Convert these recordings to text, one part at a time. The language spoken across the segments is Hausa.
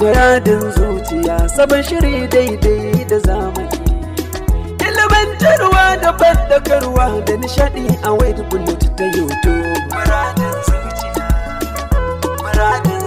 Muradin zuciya sabon shiri daidai da zamani. Ilimantarwa da bandakarwa da nishadi a wayar bullet ta YouTube. Muradin zuciya, muradin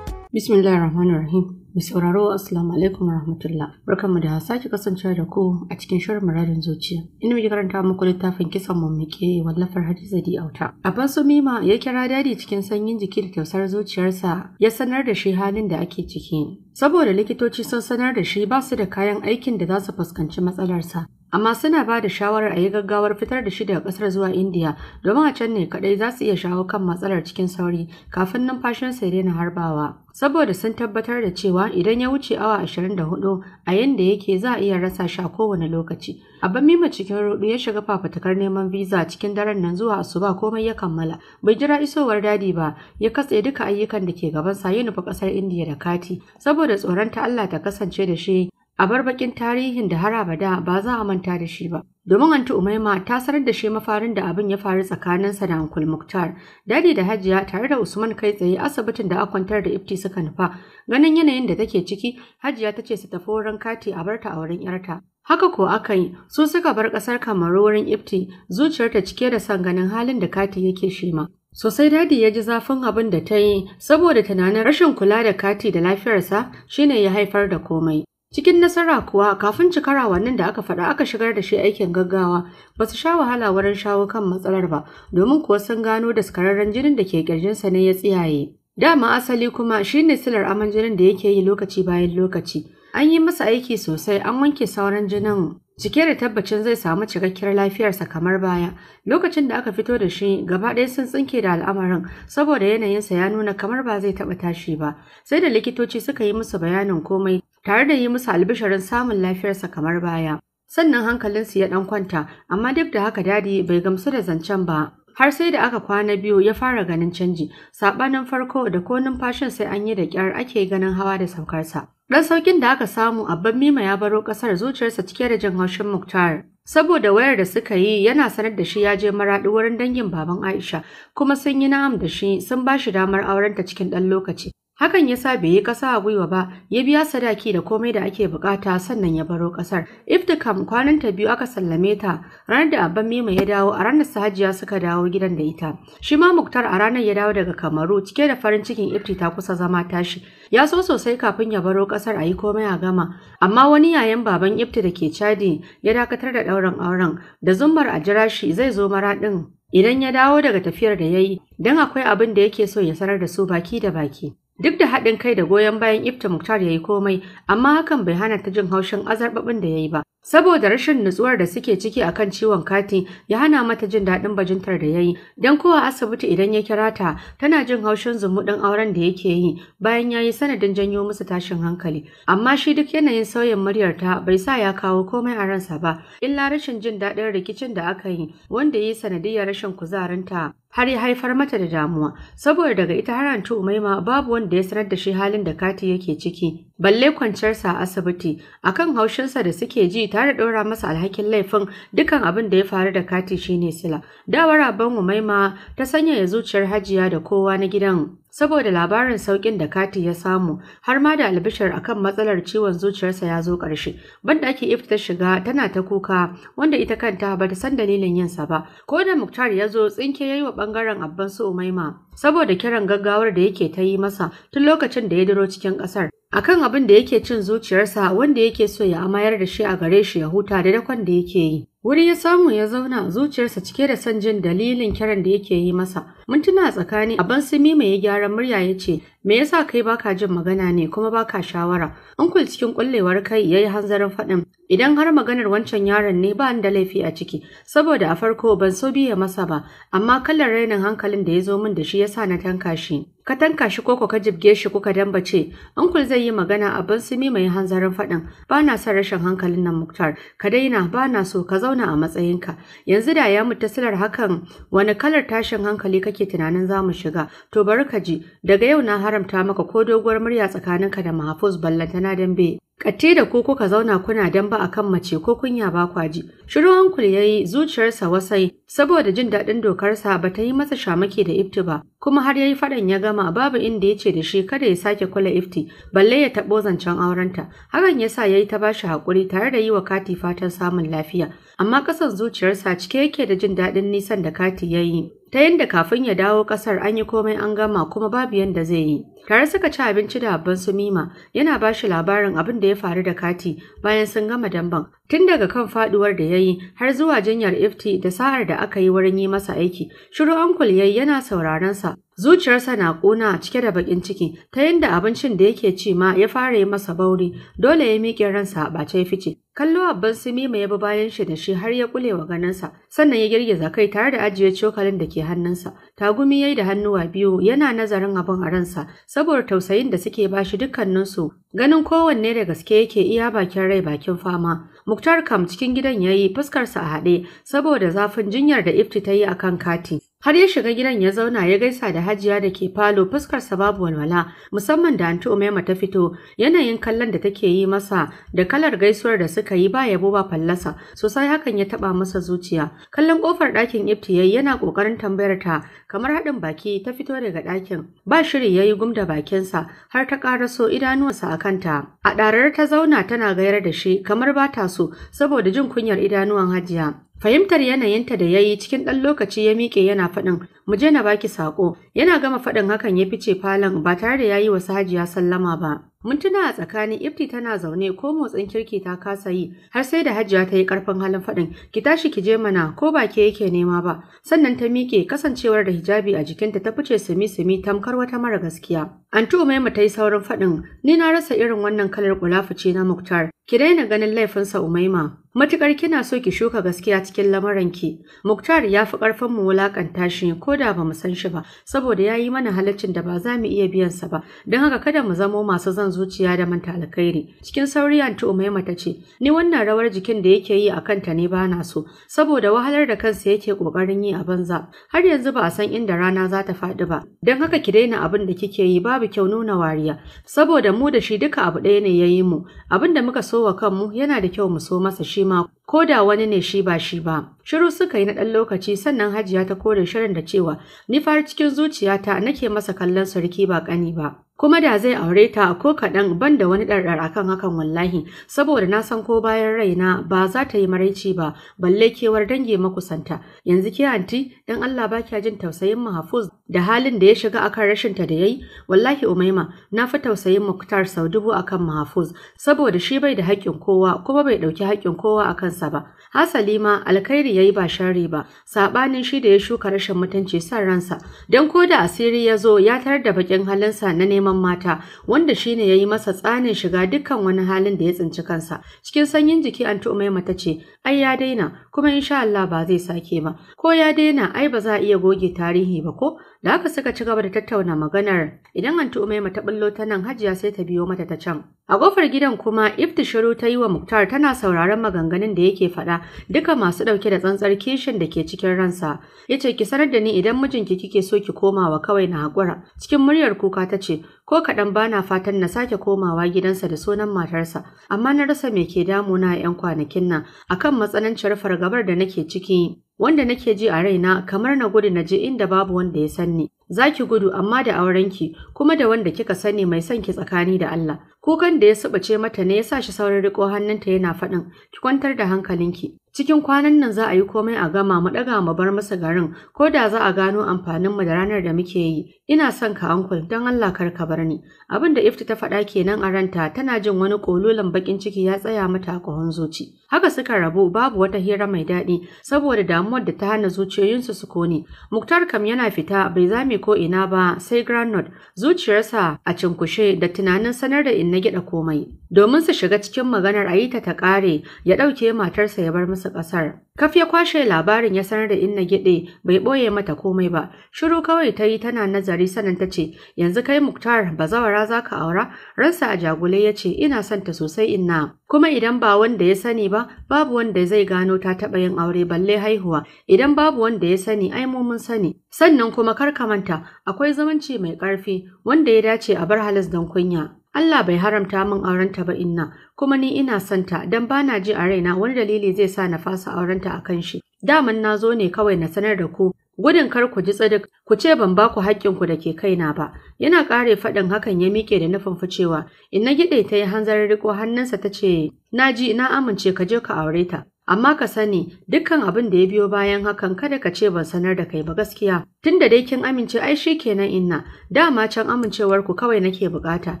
Bismillahirrahmanirrahim. Mai sauraro Assalamu alaikum rahmatullah barkan mu da sake kasancewa da ku a cikin shirin muradin zuciya. Ina muke karanta muku littafin kisan mu muke wallafar Hadiza Di Auta. Abbas Mima ya kira dadi cikin sanyin jiki da tausar zuciyarsa ya sanar da shi halin da ake ciki. saboda likitoci sun sanar da shi ba su da kayan aikin da za su fuskanci matsalarsa. Amma suna ba da shawarar a yi gaggawar fitar da shi daga ƙasar zuwa Indiya domin a can ne kaɗai za su iya shawo kan matsalar cikin sauri kafin numfashinsa ya daina harbawa. Saboda sun tabbatar da cewa idan ya wuce awa 24 a yanda yake za a iya rasa shi a kowane lokaci. Abban Mima cikin rudu ya shiga fafatakar neman visa cikin daren nan zuwa asuba komai ya kammala. Bai jira isowar dadi ba, ya katse duka ayyukan da ke gaban sa ya nufi kasar Indiya da Kati saboda tsoron ta Allah ta kasance da shi a bar bakin tarihin da har abada ba za a manta da shi ba. Domin Anti Umaima ta sanar da shi mafarin da abin ya faru tsakaninsa da Ankul Muktar. Dadi da Hajiya tare da Usman kai tsaye asibitin da aka kwantar da Ifti suka nufa. Ganin yanayin da take ciki, Hajiya ta ce su tafi wurin kati a barta a wurin ‘yarta. Haka ko aka yi, su suka bar ƙasar kamar wurin Ifti, zuciyarta cike da son ganin halin da kati yake shima. Sosai dadi ya ji zafin abin da ta yi saboda tunanin rashin kula da kati da lafiyarsa shine ya haifar da komai. Cikin nasara kuwa kafin cikar awannin da aka faɗa aka shigar da shi aikin gaggawa ba su sha wahala wurin shawo kan matsalar ba domin kuwa sun gano daskararren jinin da ke ƙirjinsa ne ya tsiyaye. Dama asali kuma shi ne silar aman jinin da yake yi lokaci bayan lokaci. An yi masa aiki sosai an wanke sauran jinin cike da tabbacin zai samu cikakkiyar lafiyarsa kamar baya lokacin da aka fito da shi gaba ɗaya sun tsinke da al'amarin saboda yanayinsa ya nuna kamar ba zai taɓa tashi ba sai da likitoci suka yi musu bayanin komai tare da yi musu albisharin samun lafiyarsa kamar baya. Sannan hankalinsu ya ɗan kwanta, amma duk da haka dadi bai gamsu da zancen ba. Har sai da aka kwana biyu ya fara ganin canji, saɓanin farko da ko numfashin sai an yi da ƙyar ake ganin hawa da saukarsa. Ɗan saukin da aka samu abban mima ya baro ƙasar zuciyarsa cike da jin haushin Muktar. Saboda wayar da suka yi yana sanar da shi ya je maraɗi wurin dangin baban Aisha kuma sun yi na'am da shi sun ba shi damar aurenta cikin ɗan lokaci. Hakan ya sa bai yi ƙasa a gwiwa ba, ya biya sadaki da komai da ake bukata sannan ya baro ƙasar. Iftikam kwanan ta biyu aka sallame ta, ranar da abban Mima ya dawo a ranar sa Sahajiya suka dawo gidan da ita. Shi ma Muktar a ranar ya dawo daga Kamaru cike da farin cikin Ifti ta kusa zama tashi. Ya so sosai kafin ya baro ƙasar a yi komai a gama, amma wani yayan baban Ifti da ke Chadi ya dakatar da ɗaurin auren da zumbar a jira shi zai zo maraɗin idan ya dawo daga tafiyar da ya yi don akwai abin da yake so ya sanar da su baki da baki. Duk da haɗin kai da goyon bayan Ifta Muktar ya yi komai, amma hakan bai hana ta jin haushin azarbaɓin da ya yi ba. Saboda rashin nutsuwar da suke ciki a kan ciwon kati ya hana mata jin daɗin bajintar da ya yi, don kowa asibiti idan ya kira ta tana jin haushin zumuɗin auren da yake yi bayan ya yi sanadin janyo musu tashin hankali. Amma shi duk yanayin sauyin muryar ta bai sa ya kawo komai a ransa ba, illa rashin jin daɗin rikicin da aka yi wanda ya yi sanadiyar rashin kuzarinta har ya haifar mata da damuwa saboda daga ita har anci Umaima babu wanda ya sanar da shi halin da Kati yake ciki balle kwanciyarsa a asibiti akan haushinsa da suke ji tare da ɗora masa alhakin laifin dukan abin da ya faru da Kati shine sila dawara ban Umaima ta sanya ya zuciyar Hajiya da kowa na gidan saboda labarin saukin da Kati ya samu har ma da albishar akan matsalar ciwon zuciyarsa ya zo ƙarshe banda ake ifta ta shiga tana ta kuka wanda ita kanta ba ta san dalilin yinsa ba ko da Muktar ya zo tsinke yayi wa bangaren abban su Umaima saboda kiran gaggawar da yake ta yi masa tun lokacin da ya diro cikin ƙasar akan abin da yake cin zuciyarsa wanda yake so ya amayar da shi a gare shi ya huta da dakon da yake yi wuri ya samu ya zauna zuciyarsa cike da son jin dalilin kiran da yake yi masa mintuna tsakani Abin simi mai gyaran murya ya ce Me yasa kai baka jin magana ne kuma baka shawara? Uncle cikin kullewar kai yayi hanzarin faɗin idan har maganar wancan yaron ne ba da laifi a ciki saboda a farko ban so biya masa ba amma kallon rainin hankalin da ya zo min da shi yasa na tanka shi. ka tanka shi koko ka jibge shi kuka dambace ankul zai yi magana abin sumi mai hanzarin faɗin ba na son rashin hankalin nan muktar ka daina ba na so ka zauna a matsayinka yanzu da ya mu hakan wani kalar tashin hankali kake tunanin za mu shiga to bari ka ji daga yau na haramta maka ko doguwar murya tsakaninka da mahafuz ballantana dambe Katte da ku kuka zauna kuna damba a kan mace ko kunya ba kwa ji. Shiru ankul ya zuciyarsa wasai saboda jin daɗin dokarsa ba ta yi masa shamaki da ifti ba, kuma har yayi yi faɗan ya gama babu inda yace da shi kada ya sake kula ifti balle ya taɓo zancen aurenta. Hakan yasa yayi ya yi ta bashi haƙuri tare da yi wa Kati fatan samun lafiya. Amma ƙasan zuciyarsa cike yake da jin daɗin nisan da Kati yayi ta yadda kafin ya dawo kasar an yi komai an gama kuma babu yadda zai yi tare suka ci abinci da abban su mima yana ba shi labarin abin da ya faru da kati bayan sun gama damban tun daga kan faduwar da ya yi har zuwa jinyar ifti da sa'ar da aka yi wurin yi masa aiki shiru ankul yayi yana sauraron sa Zuciyarsa na ƙuna cike da baƙin ciki, ta yadda abincin da yake ci ma ya fara yi masa bauri, dole ya miƙe ransa a ɓace ya fice. Kallo abban Mima ya bi bayan shi da shi har ya kule wa ganinsa, sannan ya girgiza kai tare da ajiye cokalin da ke hannunsa. Tagumi ya yi da hannuwa biyu yana nazarin abin a ransa, saboda tausayin da suke ba shi dukkaninsu. Ganin kowanne da gaske yake iya bakin rai bakin fama. Muktar kam cikin gidan ya yi fuskarsa a haɗe, saboda zafin jinyar da ifti ta yi a kan kati. Har ya shiga gidan ya zauna ya gaisa da Hajiya da ke falo fuskarsa babu walwala musamman da Antu Umema ta fito yanayin kallon da take yi masa da kalar gaisuwar da suka yi ba ya ba fallasa sosai hakan ya taba masa zuciya. Kallon kofar ɗakin Ifti yana ƙoƙarin tambayar ta kamar haɗin baki ta fito daga ɗakin ba shiri ya yi gumda bakinsa har ta ƙaraso idanuwansa a kanta a ɗarar ta zauna tana gayar da shi kamar ba ta so saboda jin kunyar idanuwan hajiya fahimtar yanayinta da ya yi cikin ɗan lokaci ya miƙe yana faɗin mu je na baki saƙo yana gama faɗin hakan ya fice falon ba tare da ya yi wasu hajiya sallama ba Mintuna a tsakanin Ifti tana zaune ko motsin kirki ta kasa yi har sai da Hajiya ta yi karfin halin faɗin ki tashi ki je mana ko ba ke yake nema ba sannan ta miƙe kasancewar da hijabi a jikinta ta fice sumi sumi tamkar wata mara gaskiya. Antu Umaima ta yi saurin faɗin ni na rasa irin wannan kalar kulafu ce na Muktar ki daina ganin laifinsa Umaima Matukar kina so ki shuka gaskiya cikin ki? Muktar ya fi ƙarfin mu wulakanta shi ko da ba mu san shi ba, saboda ya yi mana halaccin da ba za mu iya biyan sa ba, don haka kada mu zamo masu zan zuciya da manta alkhairi. Cikin sauri Anti Umaima ta ce, ni wannan rawar jikin da yake yi a kanta ne ba na so, saboda wahalar da kansa yake ƙoƙarin yi a banza. Har yanzu ba a san inda rana za ta faɗi ba, don haka ki daina abin da kike yi babu kyau nuna wariya, saboda mu da shi duka abu ɗaya ne ya yi mu, abin da muka so wa kanmu yana da kyau mu so masa shi ma ko da wani ne shi ba shi ba. Shiru suka yi na ɗan lokaci sannan Hajiya ta kore shirin da cewa ni fara cikin zuciyata nake masa kallon sarki ba ƙani ba. kuma da zai aure ta ko kaɗan ban da wani ɗarɗar kan hakan wallahi saboda na san ko bayan raina ba za ta yi maraici ba balle kewar dange makusanta yanzu ke anti dan Allah ba kya jin tausayin mahafuz da halin da ya shiga akan rashin ta da yayi wallahi umaima na fi tausayin muktar sau dubu akan mahafuz saboda shi bai da haƙƙin kowa kuma bai ɗauki haƙƙin kowa a kansa ba hasali ma alkhairi yayi ba sharri ba saɓanin shi da ya shuka rashin mutunci san ransa dan ko da asiri ya zo ya tarar da baƙin halinsa na neman neman mata wanda shine yayi masa tsanin shiga dukkan wani halin da ya tsinci kansa cikin sanyin jiki anti umaima ta ce ai ya daina kuma insha Allah ba zai sake ba ko ya daina ai ba za a iya goge tarihi ba ko da haka suka ci gaba da tattauna maganar idan anti umaima ta bullo ta nan hajiya sai ta biyo mata ta can a kofar gidan kuma Ifti shiru ta yi wa muktar tana sauraron maganganun da yake faɗa duka masu ɗauke da tsantsar kishin da ke cikin ransa ya ce ki sanar da ni idan mijinki kike so ki komawa kawai na haƙura cikin muryar kuka ta ce ko kaɗan ba na fatan na sake komawa gidansa da sunan matarsa amma na rasa me ke damuna a 'yan kwanakin nan akan matsananciyar fargabar da nake ciki wanda nake ji a raina kamar na gudu na je inda babu wanda ya sanni. Za ki gudu amma da aurenki kuma da wanda kika sani mai son ki tsakani da Allah. Kukan da ya subace mata ne ya sa shi saurin riko hannunta yana faɗin, ki kwantar da hankalinki. Cikin kwanan nan za a yi komai a gama mu ɗaga mu bar masa garin ko da za a gano amfaninmu da ranar da muke yi. Ina son ka ankul don Allah kar ka bar ni. Abin da Ifti ta faɗa kenan a ranta tana jin wani ƙolulan baƙin ciki ya tsaya mata a ƙahon zuci. Haka suka rabu babu wata hira mai daɗi saboda damu damuwar da ta hana zuciyoyinsu su kone. Muktar kam yana fita bai zame ko ina ba sai granod zuciyarsa a cinkushe da tunanin sanar da inna gida komai. Domin su shiga cikin maganar a yi ta ta ƙare ya ɗauke matarsa ya bar musu ƙasar. Kaf ya kwashe labarin ya sanar da Inna Gide bai boye mata komai ba. Shiru kawai ta yi tana nazari sanan ta ce, "Yanzu kai Muktar ba zawara za ka aura?" Ransa a jagule ya ce, "Ina son ta sosai Inna." Kuma idan ba wanda ya sani ba, babu wanda zai gano ta taɓa yin aure balle haihuwa. Idan babu wanda ya sani, ai mu mun sani. Sannan kuma kar ka manta, akwai zumunci mai ƙarfi wanda ya dace a bar halas don kunya. Allah bai haramta min aurenta ba Inna. kuma ni ina santa don ba na ji a raina wani dalili zai sa na fasa aurenta a kan shi. Daman na zo ne kawai na sanar da ku gudun kar ku ji tsadik ku ce ban ba ku haƙƙinku da ke kaina ba yana ƙare faɗin hakan ya miƙe da nufin ficewa ina gide ta yi hanzarin riko hannunsa ta ce na ji na amince ka je ka aure ta Amma ka sani dukkan abin da ya biyo bayan hakan kada ka ce ban sanar da kai ba gaskiya. Tunda dai kin amince ai shi kenan inna, dama can amincewar ku kawai nake bukata.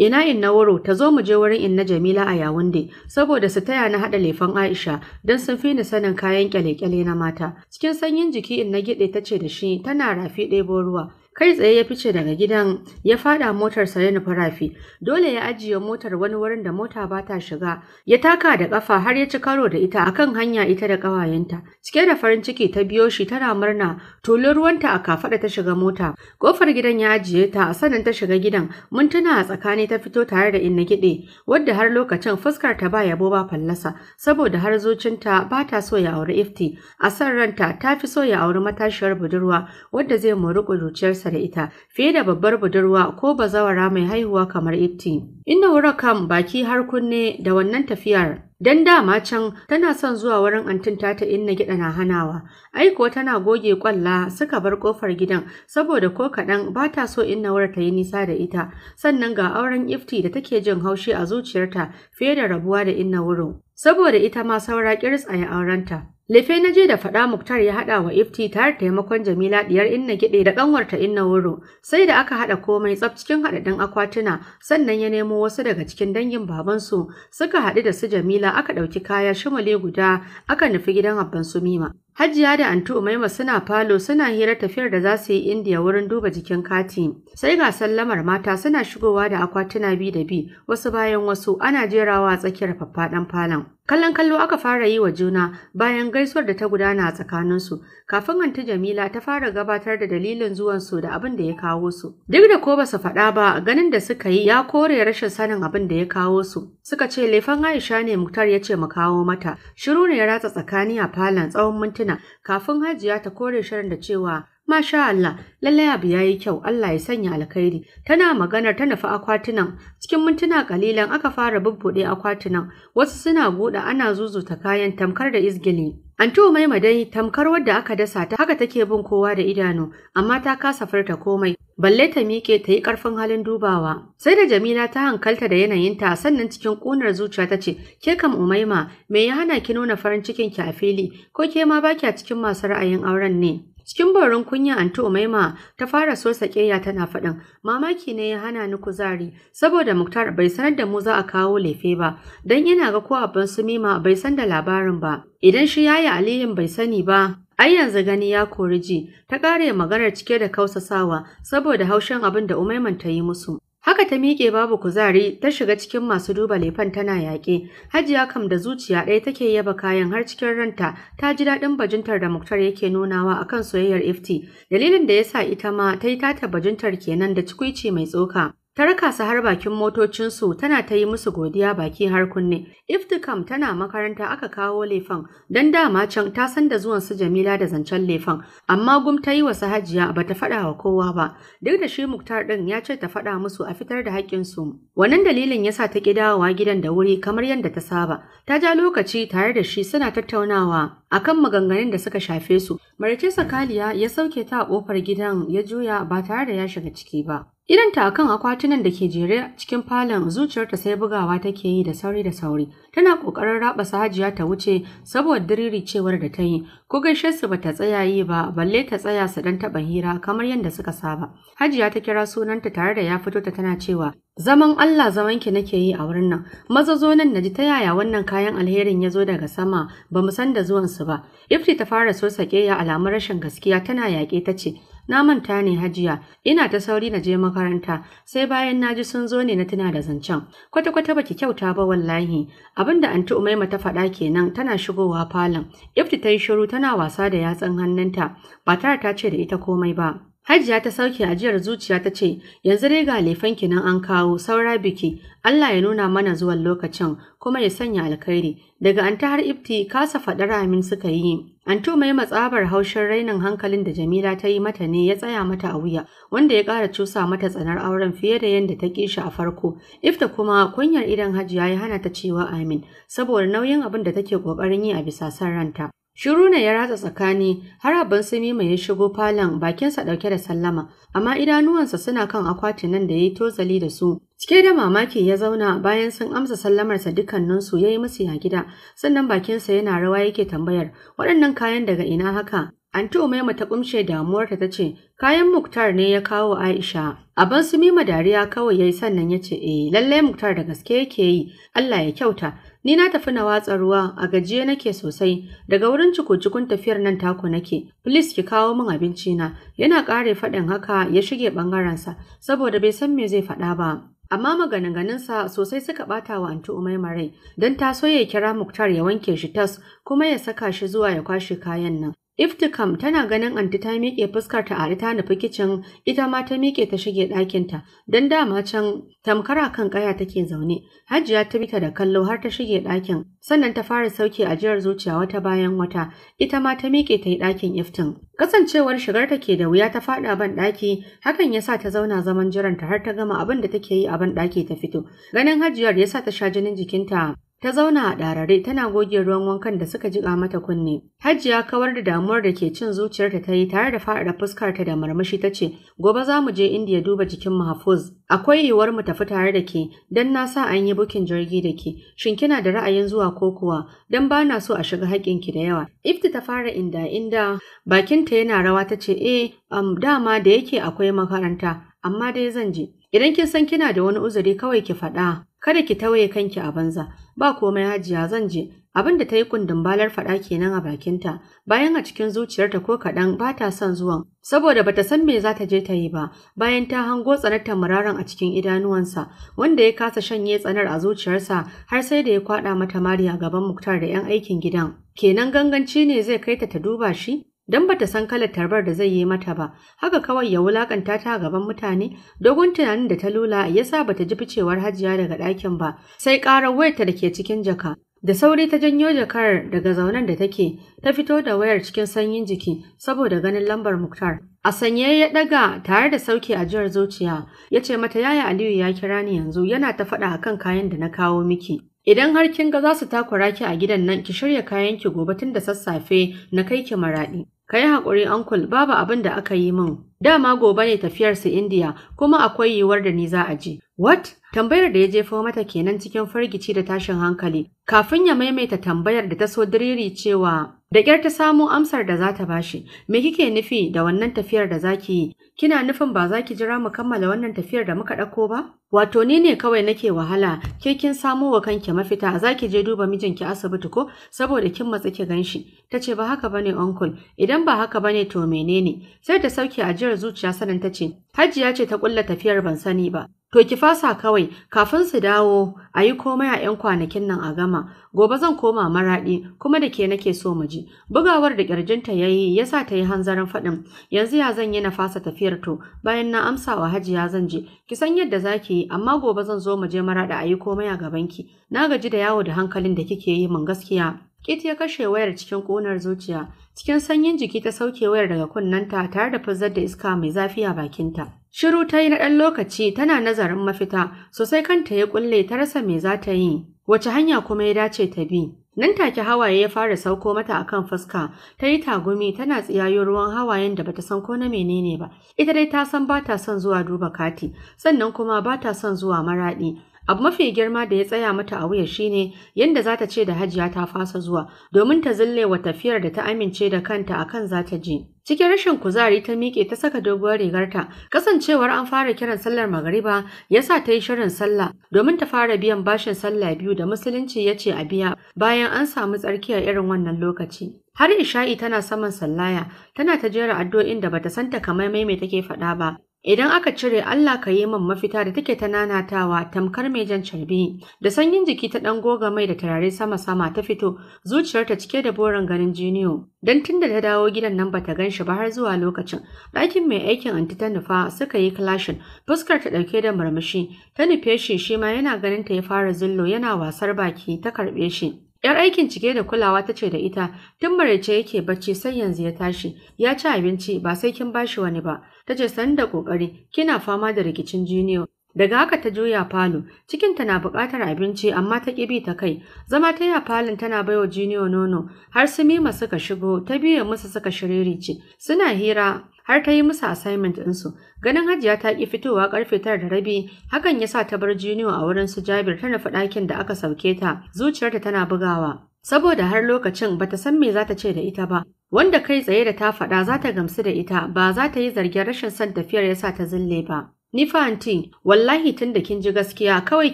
Ina inna wuro ta zo mu je wurin inna Jamila a Yawunde saboda su taya na hada lefan Aisha don sun fi ni sanin kayan kyale-kyale na mata. Cikin sanyin jiki inna gide ta ce da shi tana rafi ɗebo ruwa. kai tsaye ya fice daga gidan ya fada motar sa ya nufi dole ya ajiye motar wani wurin da mota ba ta shiga ya taka da kafa har ya ci karo da ita akan hanya ita da kawayenta cike da farin ciki ta biyo shi tana murna tulun ruwanta a kafada ta shiga mota kofar gidan ya ajiye ta a sanin ta shiga gidan mintuna a tsakani ta fito tare da inna gide wadda har lokacin fuskar ta ba yabo ba fallasa saboda har zuciyarta ba ta so ya auri ifti a san ranta ta fi so ya auri matashiyar budurwa wadda zai mori zuciyarsa da ita fiye da babbar budurwa ko bazawara mai haihuwa kamar Ifti. Inna kam baki har kunne da wannan tafiyar Dan dama can tana son zuwa wurin antin tata inna gida na hanawa. Aiko tana goge kwalla suka bar kofar gidan saboda ko kaɗan ba ta so inna wura ta yi nisa da ita. Sannan ga auren ifti da take jin haushi a zuciyarta fiye da rabuwa da inna wurin. saboda ita ma saura kirs a aurenta. Lefe na je da faɗa Muktar ya haɗa wa ifti tare taimakon Jamila ɗiyar inna gide da ƙanwarta inna wuro sai da aka haɗa komai tsaf cikin haɗaɗɗen akwatuna sannan ya nemo wasu daga cikin dangin babansu suka haɗu da su Jamila aka ɗauki kaya shimale guda aka nufi gidan abban su Mima. Hajiya da Antu Umaima suna falo suna hira tafiyar da za su yi Indiya wurin duba jikin kati. Sai ga sallamar mata suna shigowa da akwatuna bi da bi, wasu bayan wasu ana jerawa a tsakiyar faffaɗan falon. Kallon kallo aka fara yi wa juna bayan gaisuwar da ta gudana a tsakaninsu, kafin Anta Jamila ta fara gabatar da dalilin zuwansu da abin da ya kawo su. Duk da ko ba su faɗa ba, ganin da suka yi ya kore rashin sanin abin da ya kawo su. Suka ce laifin Aisha ne Muktar ya ce mu kawo mata. Shiru ne ya ratsa tsakani a falon tsawon mintuna kafin Hajiya ta kore shirin da cewa Masha Allah, lallai abu ya yi kyau, Allah ya sanya alkhairi. Tana maganar ta nufi akwatunan, cikin mintuna kalilan aka fara bubbuɗe akwatunan, wasu suna buɗe ana zuzuta kayan tamkar da izgili. Antu mai madai tamkar wadda aka dasa ta haka take bin kowa da idanu, amma ta kasa furta komai. Balle ta miƙe ta yi ƙarfin halin dubawa. Sai da Jamila ta hankalta da yanayinta sannan cikin ƙunar zuciya ta ce, Ke kam Umaima, me ya hana ki nuna farin cikin ki a fili, ko ke ma ba cikin masu ra'ayin auren ne? Cikin barin kunya Anto Maima ta fara sosa sakeyya tana faɗin, mamaki ne ya hana ni kuzari, saboda Muktar bai sanar da mu za a kawo lefe ba, don ina ga ko abin su Mima bai san da labarin ba. Idan shi yayi Aliyun bai sani ba, ai yanzu gani ya kori ji, ta ƙare maganar cike da kausasawa saboda haushin abin da Umaiman ta yi musu. Haka ta miƙe babu kuzari ta shiga cikin masu duba lefan tana yaƙe. Hajiya kam da zuciya ɗaya take yaba kayan har cikin ranta ta ji daɗin bajintar da Muktar yake nunawa akan soyayyar ifti. Dalilin da ya sa ita ma ta yi tata bajintar kenan da cikuici mai tsoka. Ta raka har bakin motocinsu tana ta yi musu godiya baki har kunne. Iftikam tana makaranta aka kawo lefan don dama can ta san da zuwan su Jamila da zancen lefan, amma gum ta yi wasu hajiya ba ta faɗa wa kowa ba. Duk da shi Muktar ɗin ya ce ta faɗa musu a fitar da haƙƙinsu. Wannan dalilin ya sa ta ƙi dawowa gidan da wuri kamar yadda ta saba. Ta ja lokaci tare da shi suna tattaunawa akan maganganun da suka shafe su. Marice Sakaliya ya sauke ta a ƙofar gidan ya juya ba tare da ya shiga ciki ba. Idanta akan akwatunan da ke jere cikin falon zuciyarta sai bugawa take yi da sauri da sauri. Tana kokarin raba Hajiya ta wuce saboda diriri cewar da ta yi. Ko gaishe su bata tsaya yi ba, balle ta tsaya su dan taba hira kamar yadda suka saba. Hajiya ta kira sunanta tare da ya fito ta tana cewa, "Zaman Allah zaman ki nake yi a wurin nan. Mazazo nan ji ta yaya wannan kayan alherin ya zo daga sama, ba mu san da zuwan su ba." Ifti ta fara so sake ya alamar rashin gaskiya tana yaƙe ta ce, na manta ne hajiya ina ta sauri na je makaranta sai bayan na ji sun zo ne na tuna da zancen kwata kwata baki kyauta ba wallahi abinda anti umaima ta faɗa kenan tana shigowa falon ifti ta yi shiru tana wasa da yatsan hannunta ba Tara ta ce da ita komai ba Hajiya ta sauke ajiyar zuciya ta ce, "Yanzu dai ga lefanki nan an kawo saura biki, Allah ya nuna mana zuwan lokacin kuma ya sanya alkhairi." Daga anta har ifti kasa faɗar amin suka yi. Anto mai matsabar haushin rainin hankalin da Jamila ta yi mata ne ya tsaya mata a wuya, wanda ya ƙara cusa mata tsanar auren fiye da yadda ta ƙi shi a farko. Ifta kuma kunyar idan Hajiya ya hana ta cewa amin, saboda nauyin abin da take ƙoƙarin yi a bisa san ranta. Shiru ne ya ratsa tsakani har abin Samima ya shigo falon bakinsa ɗauke da sallama, amma idanuwansa suna kan akwatin nan da ya yi tozali da su. Cike da mamaki ya zauna bayan sun amsa sallamarsa dukkaninsu ya yi musu ya gida, sannan bakinsa yana rawa yake tambayar waɗannan kayan daga ina haka. Anti Umaima ta kumshe damuwarta ta ce, kayan Muktar ne ya kawo Aisha. Abin su mima dariya kawai yayi sannan ya ce, eh, lalle Muktar da gaske yake yi, Allah ya kyauta. Ni na tafi na watsa ruwa, a gajiye nake sosai, daga wurin cikun tafiyar nan taku nake, please ki kawo min abinci na. Yana ƙare faɗin haka ya shige ɓangarensa, saboda bai san me zai faɗa ba. Amma maganin sa sosai suka ɓata wa Anti Umaima rai, don ta so ya kira Muktar ya wanke shi tas kuma ya saka shi zuwa ya kwashe kayan nan. Iftikam tana ganin anti ta miƙe fuskar ta ari ta nufi kicin ita ma ta miƙe ta shige ɗakinta don dama can tamkara kan ƙaya take zaune. Hajiya ta bi ta da kallo har ta shige ɗakin sannan ta fara sauke ajiyar zuciya wata bayan wata ita ma ta miƙe ta yi ɗakin iftin. Kasancewar shigar ta ke da wuya ta faɗa ban ɗaki hakan ya sa ta zauna zaman jiranta har ta gama abin da take yi a ban ɗaki ta fito. Ganin hajiyar ya sa ta sha jinin jikinta Ta zauna a ɗarare tana goge ruwan wankan da suka jiƙa mata kunne. Hajiya kawar da damuwar da ke cin zuciyarta ta yi tare da faɗaɗa fuskarta da marmashi ta ce, Gobe za mu je Indiya duba jikin Mahfuz. Akwai yiwuwar mu tafi tare da ke, don na sa an yi bukin jirgi da ke. Shin kina da ra'ayin zuwa ko kuwa? Don ba na so a shiga haƙƙinki da yawa. Ifti ta fara inda inda bakinta yana rawa ta ce, E, um, dama da yake akwai makaranta, amma dai zan je. Idan kin san kina da wani uzuri kawai ki faɗa. kada ki tauye kanki a banza ba komai hajiya zan je abin da ta yi kundin balar faɗa kenan a bakinta bayan a cikin zuciyarta ko kaɗan ba ta son zuwan saboda bata san me za ta je ta yi ba bayan ta hango tsanarta muraran a cikin idanuwansa wanda ya kasa shanye tsanar a zuciyarsa har sai da ya kwaɗa mata mariya gaban muktar da 'yan aikin gidan kenan ganganci ne zai kai ta ta duba shi don bata san kalar tarbar da zai yi mata ba haka kawai ya wulakanta ta gaban mutane dogon tunanin da ta lula ya sa bata ji ficewar hajiya daga ɗakin ba sai ƙarar wayarta da ke cikin jaka da sauri ta janyo jakar daga zaunen da take ta fito da wayar cikin sanyin jiki saboda ganin lambar muktar a sanye ya ɗaga tare da sauki a jiyar zuciya ya ce mata yaya aliyu ya kira ni yanzu yana ta faɗa akan kayan da na kawo miki Idan har kin ga za su takura ki a gidan nan ki shirya kayan ki gobe tun da sassafe na kai ki maraɗi. Ka yi haƙuri ankul babu abin da aka yi min. Dama gobe ne tafiyarsa Indiya kuma akwai yiwuwar da ni za a je. What? Tambayar da ya jefo mata kenan cikin firgici da tashin hankali, kafin ya maimaita tambayar da ta so diriri cewa da ƙyar ta samo amsar da za ta bashi, me kike nufi da wannan tafiyar da za ki yi? Kina nufin ba za ki jira mu kammala wannan tafiyar da muka ɗauko ba? Wato ni ne kawai nake wahala, ke kin samo wa kanki mafita, za ki je duba mijinki asibiti ko saboda kin matsi ki ganshi. Ta ce ba haka bane uncle, idan ba haka bane to menene? Sai ta sauke ajiyar zuciya sanin ta ce, Hajiya ce ta ƙulla tafiyar ban sani ba. To ki fasa kawai kafin su dawo a yi komai a 'yan kwanakin nan a gama. Gobe zan koma maraɗi kuma da ke nake so mu ji. Bugawar da ƙirjinta ya yi ya sa ta yi hanzarin faɗin. Yanzu ya zan yi na fasa tafiyar to bayan na amsa wa hajiya zan je. Ki san yadda za ki yi amma gobe zan zo mu je maraɗi a yi komai a gabanki. Na gaji da yawo da hankalin da kike yi min gaskiya. Kit ya kashe wayar cikin ƙonar zuciya. Cikin sanyin jiki ta sauke wayar daga kunnanta tare da fuzzar da iska mai zafi a bakinta. Shiru ta yi na ɗan lokaci tana nazarin mafita sosai kanta ya ƙulle, ta rasa mai za ta yi. Wace hanya kuma ya dace ta bi? Nan take hawaye ya fara sauko mata a kan fuska, ta yi tagumi tana tsiyayo ruwan hawayen da bata san ko na menene ba. Ita dai ta san bata son zuwa duba kati, sannan kuma bata son zuwa maraɗi. Abu mafi girma da ya tsaya mata a wuya shine yadda za ta ce da hajiya ta fasa zuwa domin ta zille wa tafiyar da ta amince da kanta akan za ta je. Cikin rashin kuzari ta miƙe ta saka doguwar rigarta, kasancewar an fara kiran sallar magariba ya sa ta yi shirin sallah domin ta fara biyan bashin sallah biyu da musulunci ya ce a biya bayan an samu tsarki a irin wannan lokaci. Har Isha'i tana saman sallaya, tana ta jera addu'o'in da bata santa kamar mai take faɗa ba, Idan aka cire Allah ka yi min mafita da take ta nanatawa tamkar mai jan carbi da sanyin jiki ta ɗan goga mai da tarare sama-sama ta fito zuciyarta cike da boran ganin jiniyo don tunda ta dawo gidan nan bata gan shi ba har zuwa lokacin ɗakin mai aikin anti ta nufa suka yi kilashin fuskar ta ɗauke da murmushi ta nufe shi shi ma yana ganin ta ya fara zullo yana wasar baki ta karɓe shi Yar aikin cike da kulawa ta ce da ita, tun maraice yake bacci sai yanzu ya tashi, ya ci abinci ba sai kin bashi wani ba. Ta ce san da kokari, kina fama da rikicin jiniyo. Daga haka ta juya falo, cikinta na buƙatar abinci amma ta ƙi bi ta kai, zama ta ya falon tana baiwa jiniyo nono, har su mima suka shigo, ta biye musu suka shiririce, suna hira har ta yi musu assignment ɗinsu. Ganin Hajiya ta ƙi fitowa ƙarfe tara da rabi, hakan ya sa ta bar Junior a wurin su Jabir ta nufi ɗakin da aka sauke ta, zuciyarta tana bugawa. Saboda har lokacin bata san me za ta ce da ita ba, wanda kai tsaye da ta faɗa za ta gamsu da ita ba za ta yi zargin rashin son tafiyar ya sa ta zille ba. Ni fanti, wallahi tun da kin ji gaskiya kawai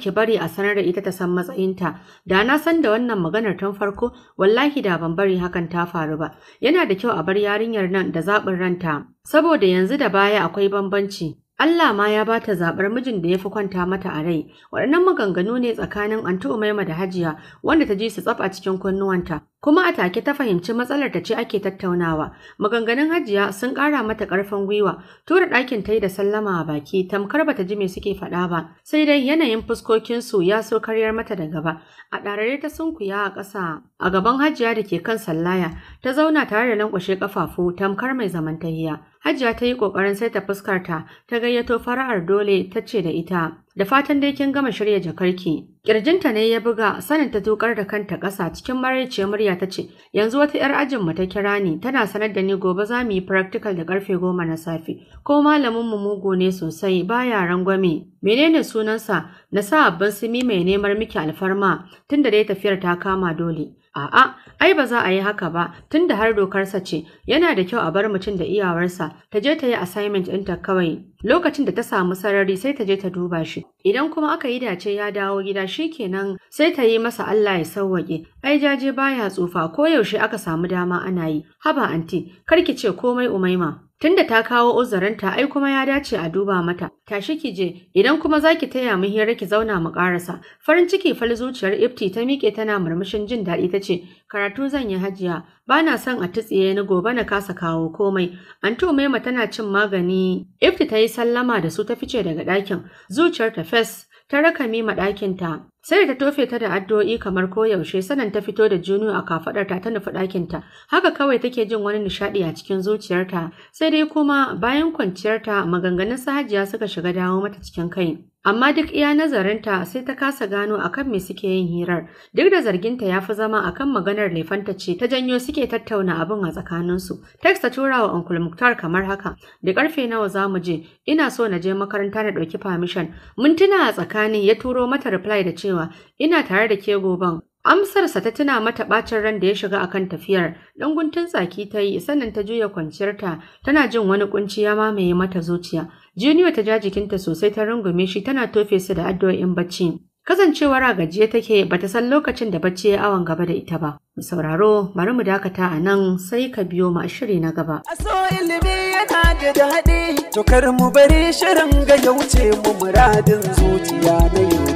ki bari a sanar da ita ta san matsayinta. Da na san da wannan maganar tun farko, wallahi da ban bari hakan ta faru ba. Yana da kyau a bar yarinyar nan da zaɓin ranta, saboda yanzu da baya akwai bambanci. Allah ma ya ba ta zaɓar mijin da ya fi kwanta mata a rai. Waɗannan maganganu ne tsakanin Antu Umaima da Hajiya wanda ta ji su tsaf a cikin kunnuwanta. Kuma a take ta fahimci matsalar ta ce ake tattaunawa. Maganganun Hajiya sun ƙara mata ƙarfin gwiwa. Tura ɗakin ta yi da sallama a baki tamkar ba ta ji mai suke faɗa ba. Sai dai yanayin fuskokinsu ya so karyar mata da gaba. A ɗarare ta sunkuya a ƙasa a gaban Hajiya da ke kan sallaya ta zauna tare da lankwashe ƙafafu tamkar mai zamantahiya. Hajiya ta yi ƙoƙarin ta fuskarta, ta gayyato fara'ar dole ta ce da ita, da fatan dai kin gama shirya jakarki. Ƙirjinta ne ya buga, sanin ta tukar da kanta ƙasa cikin maraice murya ta ce, yanzu wata 'yar ajin mu ta kira ni, tana sanar da ni gobe za mu yi practical da ƙarfe goma na safe. Ko malamin mu mugu ne sosai, ba baya rangwame. Menene sunansa? Na sa abban simi mai neman miki alfarma, tunda dai tafiyar ta kama dole. A'a, ai ba za a yi haka ba, tunda har dokarsa ce, yana da kyau a bar mutum da iyawarsa, ta je ta yi assignment ɗinta kawai. Lokacin da ta samu sarari sai ta je ta duba shi. Idan kuma aka yi dace ya dawo gida shi kenan sai ta yi masa Allah ya sauwaƙe. Ai jaje baya tsufa ko yaushe aka samu dama ana yi. Haba anti, kar ki ce komai umaima. Tunda ta kawo uzurinta ai kuma ya dace a duba mata. Tashi ki je, idan kuma za ki taya mu hira ki zauna mu karasa. Farin ciki fal zuciyar Ifti ta miƙe tana murmushin jin daɗi ta ce, "Karatu zan yi hajiya, ba na son a tutsiye ni gobe na kasa kawo komai." Anto Maima tana cin magani. Ifti ta yi sallama da su ta fice daga ɗakin, zuciyar ta fes ta raka mima ɗakinta. Sai da tofe ta da addu'o'i kamar koyaushe sanan ta fito da Junior a kafadarta ta nufi ɗakinta. Haka kawai take jin wani nishaɗi a cikin zuciyarta. Sai dai kuma bayan kwanciyarta maganganun sahajiya suka shiga dawo mata cikin kai. Amma duk iya nazarinta sai ta kasa gano akan me suke yin hirar. Duk da zarginta ya fi zama akan maganar lefanta ce ta janyo suke tattauna abin a tsakaninsu. Text ta tura wa Uncle Muktar kamar haka. Da karfe nawa za mu je? Ina so na je makaranta na ɗauki permission. Mintuna a tsakani ya turo mata reply da cewa cewa ina tare da ke goban Amsarsa ta tuna mata bacin ran da ya shiga akan tafiyar, dan guntun tsaki ta yi sannan ta juya kwanciyarta tana jin wani kunci ya mamaye mata zuciya. Junior ta ja jikinta sosai ta rungume shi tana tofe su da addu'o'in bacci. Kasancewar a gajiye take bata san lokacin da bacci ya awon gaba da ita ba. Mu sauraro bari mu dakata a nan sai ka biyo mu a shiri na gaba. Aso ilimi yana da daɗi, to kar mu bari shirin ga wuce mu muradin zuciya na yau.